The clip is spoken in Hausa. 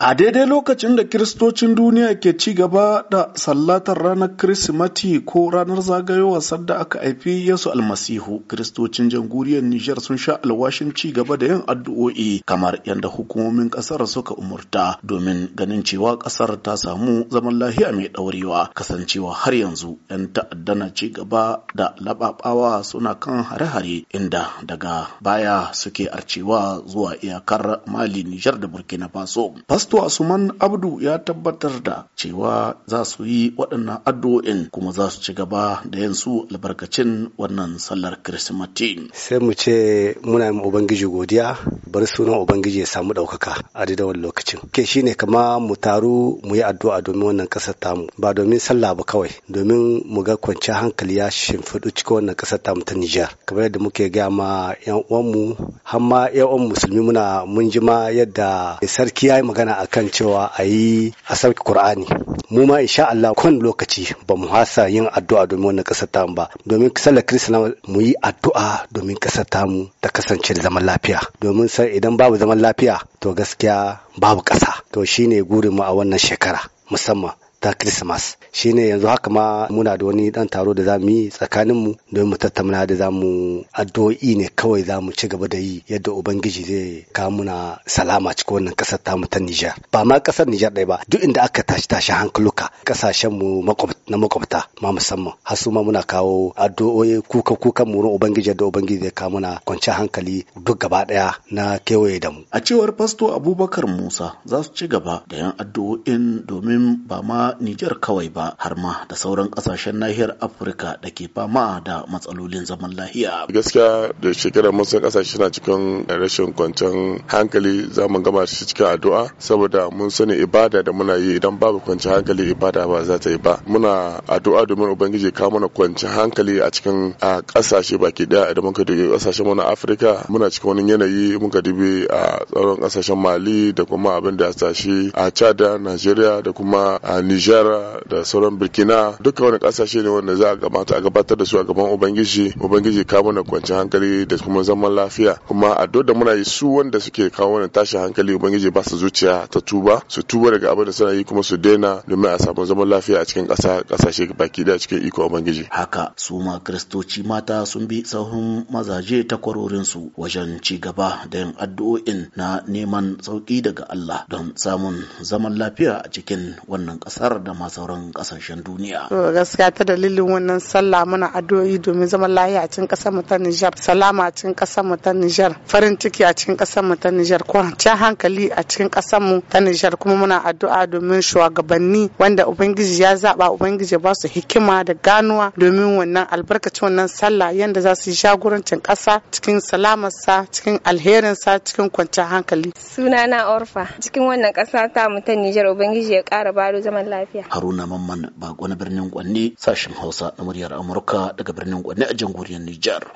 A daidai lokacin da Kiristocin duniya ke ci gaba da sallatar ranar Kirsimati ko ranar zagayowar sadda aka haifi Yesu almasihu, Kiristocin jamhuriyar Nijar sun sha alwashin ci gaba da yin addu'o'i kamar yadda hukumomin ƙasar suka umurta domin ganin cewa ƙasar ta samu zaman lahiya mai ɗaurewa kasancewa har yanzu 'yan ta'adda na ci gaba da laɓaɓawa suna kan hare-hare inda daga baya suke arcewa zuwa iyakar Mali, Nijar da Burkina Faso. Fasto Asuman Abdu ya tabbatar da cewa za su yi waɗannan addu'o'in kuma za su ci gaba da yin su albarkacin wannan sallar Kirsimati. Sai mu ce muna yin Ubangiji godiya bar sunan Ubangiji ya samu ɗaukaka a da wani lokacin. Ke ne kama mu taru mu yi addu'a domin wannan ƙasar tamu ba domin sallah ba kawai domin mu ga kwanciyar hankali ya shimfiɗu cikin wannan ƙasar tamu ta Nijar. Kamar yadda muke gaya ma 'yan uwanmu har ma 'yan uwan musulmi muna mun ji ma yadda sarki ya yi magana a akan cewa a yi a sauki Qur'ani mu ma in insha Allah kan lokaci ba mu hasa yin addu'a domin wannan kasar tamu ba domin sallar Kirista mu yi addu'a domin kasar tamu ta kasance da zaman lafiya domin sai idan babu zaman lafiya to gaskiya babu ƙasa to shine gurin mu a wannan shekara musamman ta Christmas shine yanzu haka ma muna da wani dan taro da zamu yi tsakanin mu don mu tattauna da zamu addu'o'i ne kawai zamu ci gaba da yi yadda ubangiji zai kawo muna salama cikin wannan kasar tamu ta Niger ba ma kasar Niger ɗaya ba duk inda aka tashi tashi hankaluka kasashen mu na makwabta ma musamman har ma muna kawo addu'o'i kuka kuka mu ruwan ubangiji da ubangiji zai kawo muna kwanciyar hankali duk gaba ɗaya na kewaye da mu a cewar fasto Abubakar Musa za su ci gaba da yan addu'o'in domin ba ma niger kawai ba har ma da sauran kasashen nahiyar Afirka da ke fama da matsalolin zaman lahiya. Gaskiya da shekarar mun san kasashe na cikin rashin kwanciyar hankali za mu gama shi cikin addu'a saboda mun sani ibada da muna yi idan babu kwanciyar hankali ibada ba za ta yi ba. Muna addu'a domin Ubangiji kawo mana kwanciyar hankali a cikin a kasashe baki daya idan muka dubi kasashen mu na Afirka muna cikin wani yanayi muka dubi a tsaron kasashen Mali da kuma abin da ya tashi a Chad, Najeriya da kuma a Nijar da sauran Burkina duka wani kasashe ne wanda za a gabata a gabatar da su a gaban Ubangiji Ubangiji ka mana kwanci hankali da kuma zaman lafiya kuma a da muna yi su wanda suke kawo wani tashi hankali Ubangiji ba su zuciya ta tuba su tuba daga abin da suna yi kuma su daina domin a samu zaman lafiya a cikin ƙasa kasashe baki da cikin iko Ubangiji haka su ma kristoci mata sun bi sahun mazaje su wajen ci gaba da yin addu'o'in na neman sauki daga Allah don samun zaman lafiya a cikin wannan ƙasa kasar da ma sauran kasashen duniya. To gaskiya ta dalilin wannan sallah muna addu'o'i domin zaman lahiya a cikin kasar mu ta Niger, salama a cikin kasar mu ta Niger, farin ciki a cikin kasar mu ta Nijar, kwanciyar hankali a cikin kasar mu ta Niger kuma muna addu'a domin shugabanni wanda ubangiji ya zaba ubangiji ba su hikima da ganuwa domin wannan albarkacin wannan sallah yanda za su yi jagorancin kasa cikin salamarsa cikin alherinsa cikin kwanciyar hankali. Sunana Orfa cikin wannan kasa ta mu ta Niger ubangiji ya ƙara bado zaman lafiya. lafiya. Haruna Mamman Bako na birnin Kwanne sashen Hausa na Amurka daga birnin Kwanne a jamhuriyar Nijar.